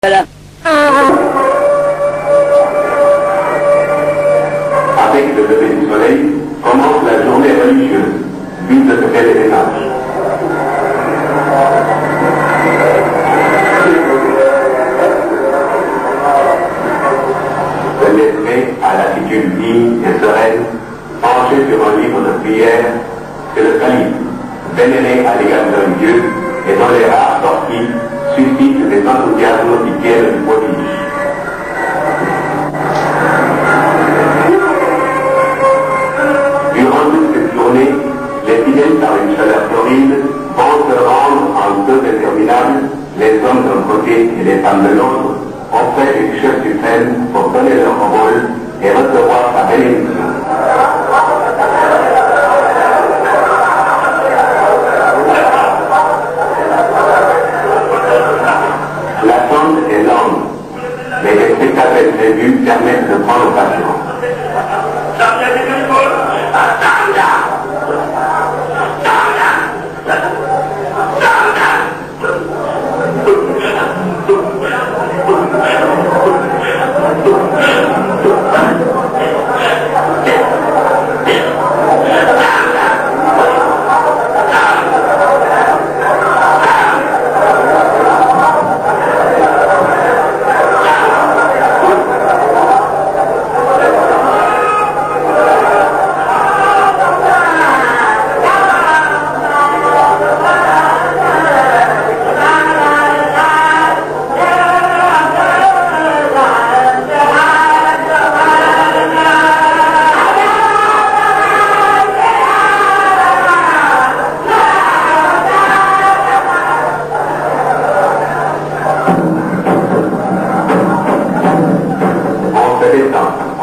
Avec le lever du soleil commence la journée religieuse, vite de faire les démarches. Se lever à l'attitude digne et sereine, penché sur un livre de prière, c'est le calife, vénéré à l'égard de Dieu est dans les rares sorties des enthousiasmes qui tiennent le prodige. Durant toute cette journée, les fidèles par une chaleur floride vont se rendre en deux déterminables, les hommes d'un côté et les femmes de l'autre, auprès du chef suprême pour donner leur rôle et recevoir sa bénédiction. that makes the prototype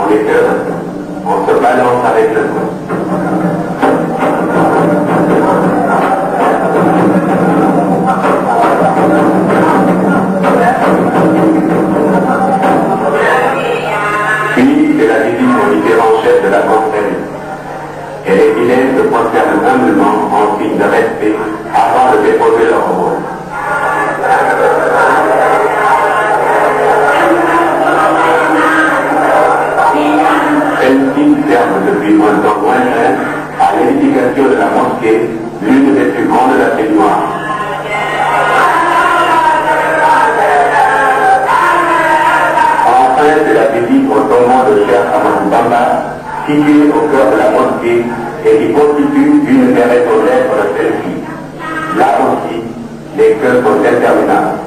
on se balance avec le Puis, c'est la visite différente en de la conseil. Elle est vilaine de un humblement en signe de respect de Cheikh Amadou Bamba, situé au cœur de la mosquée et qui constitue une des raisons pour de celle-ci. Là aussi, les cœurs sont interminables.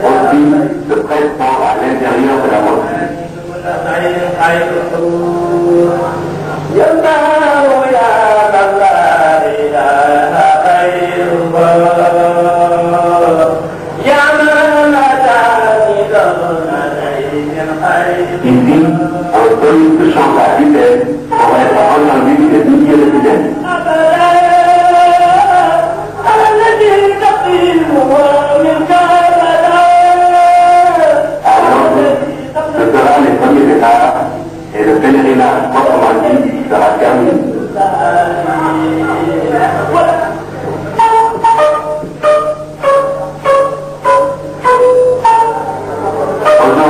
ultime sottoposto all'interno della vostra.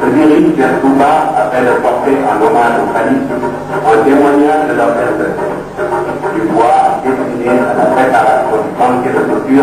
terdiri dan Sumba akan dapatkan anggota Tuhan Pertemuannya dalam Elden Dibuat di sini ada perkara Konstitusi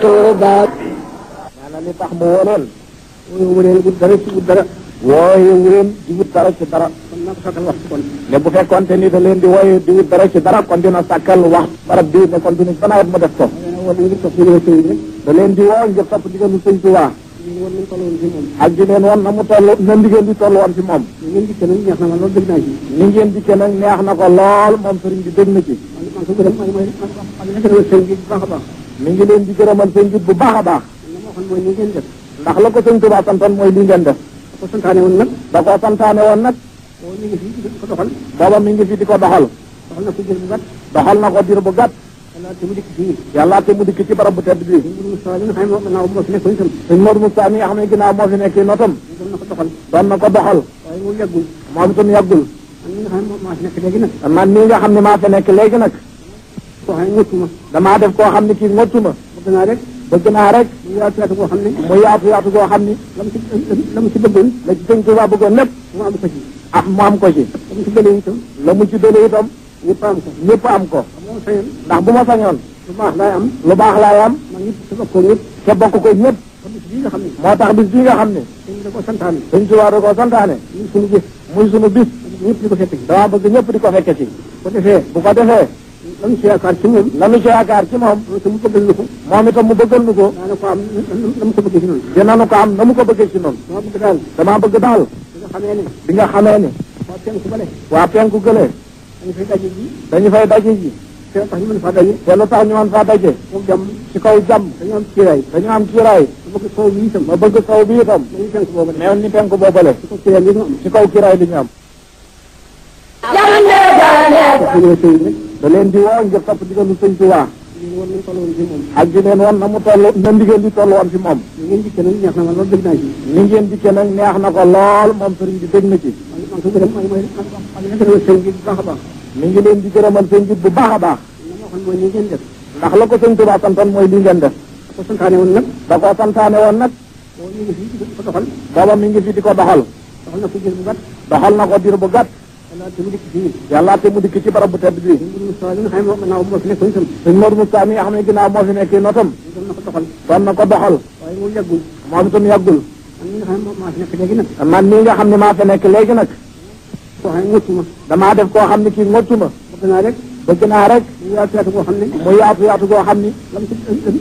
tuuba maanaam li tax mu woonoon mu leen wut dara ci wut leen di wut dara ci dara na ko sàkkal waxtu kon ne bu fekkoon te ni da leen di wooye di wut dara ci dara kon dina sàkkal waxtu barab bi ne kon dina banawet mu def ko da leen di woo ngir topp digalu sëñ Tuubaa ak di leen woon na mu toll na ndigal di toll woon ci moom ni ngeen dikkee nag neex na ma lool dëgg na ci ni ngeen dikkee nag neex na ko lool moom sëriñ bi dëgg na ci mi ngi leen di gërëmal seen njiit bu baax a baax. mooy ndax la ko sëñ Tuubaa santoon mooy li ngeen def. da ko santaane woon nag. da ko santaane woon nag. booba mi ngi di ko doxal. booba mi ngi fi di ko doxal. doxal na ko diir bu gàtt. doxal na ko diir bu gàtt. yàlla te mu dikk bu tedd bii. sëñ xam ne ginnaaw na ko doxal. doon na ko doxal. ne maa soxna mocc ma damaa def koo xam ne kii mocc ma bëgg naa rek bëgg naa rek mu yaatu yaatu mu yaatu yaatu koo xam ne la mu si la mu si bëggoon la ci sëñ Tuubaa bëggoon lépp mu am ko ci ah mu la mu si bële itam la mu ci bële itam ñëpp am bu ma sañoon lu baax laay am lu baax laay am man ko ñëpp sa bokk ko ñëpp moo tax bis bii nga xam ne sëñ da ko santaane sëñ da ko santaane sunu bis muy sunu bis ñëpp di ko fekk bu ko defee bu ko defee lanu ci yaakaar ci moom lanu ci yaakaar ci moom te mu bëggal nu ko moom itam mu bëggal nu ko naa ko am na mu ko bëggee ci noonu te nanu ko am na mu ko bëggee ci noonu dama bëgg daal damaa bëgg daal bi nga xamee ne bi nga xamee ne waa penku gële waa penku gële dañu fay daje ji dañu fay daje ji te tax ñu mën faa daje te lu tax ñu mën faa daje moom jàmm ci kaw jàmm dañu am kiiraay dañu am kiiraay ma bëgg kaw bi itam ma bëgg kaw bi itam dañu penku boobu mais ni penku boobale ci kaw kiiraay li ñu am da leen di woo ngir topp ndigalu sëñ Tuubaa ak di leen wan na mu na di toll woon si moom ngeen dikkee nag neex na ma lool dëgg naa ci ni ngeen dikkee nag neex na ko lool moom sëriñ bi dëgg na ci mi ngi leen di gërëmal seen jit bu baax a baax ndax la ko sëñ Tuubaa santoon mooy li ngeen def ko santaane woon nag da ko santaane woon nag booba mi ngi fi di doxal doxal na ko dir bu yàlla te mu dikk ci barab bu tedd bii. suñ Mor Moustapha mi nga xam ne ginnaaw moo fi nekkee notam. doon na ko doxal. waaye moom yàggul. moom itam yàggul. man mii nga xam ne maa fi nekk léegi nag. koo xam ne ngottu ma. damaa def koo xam ne kii ngottu ma. bëgg naa rek. bëgg naa rek. mu yaatu yaatu goo xam ne. mu yaatu yaatu goo xam ni. la mu ci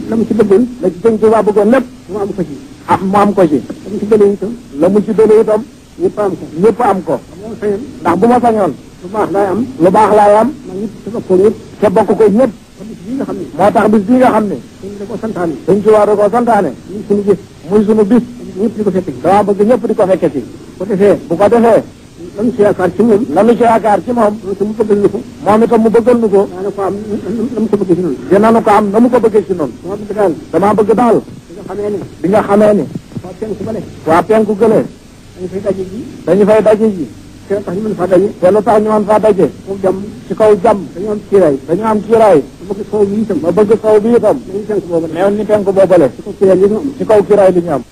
la mu ci bëggoon. la ci jën ci waa bëggoon lépp. mu am ko ci. ah mu am ko ci. la mu ci bële itam. la mu ci bële itam. ñu am ko ñëpp am ko ndax bu ma sañoon lu baax laay am lu baax laay am te bokk ko ñëpp moo tax bis bii nga xam ne suñ ci war a ko santaane muy suñu bis muy suñu bis ñëpp di ko fekk bëgg ñëpp di ko fekke bu ko defee bu ko defee lanu ci yaakaar ci moom lanu ci yaakaar ci moom mu bëggal nu ko moom itam mu bëggal nu ko dana ko am na mu ko bëggee si noonu dinanu ko am na mu ko bëggee si noonu dama bëgg daal dama bëgg daal bi nga xamee ne bi nga xamee ne waa penku gëlee dañu fay daje ji. dañu fay daje ji. te lu tax ñu mën faa daje. te lu tax ñu mën faa daje. pour jàmm ci kaw jàmm. dañu am kiiraay. dañu am kiiraay. ma bëgg sow bi itam. ma bëgg sow bi itam. dañu penk boobale. mais ni penk boobale. ci kaw kiiraay li ñu am. ci kaw kiiraay li ñu am.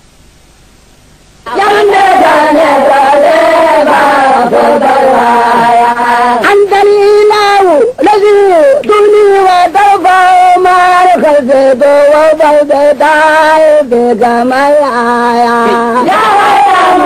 وبلد داي بجمال آيات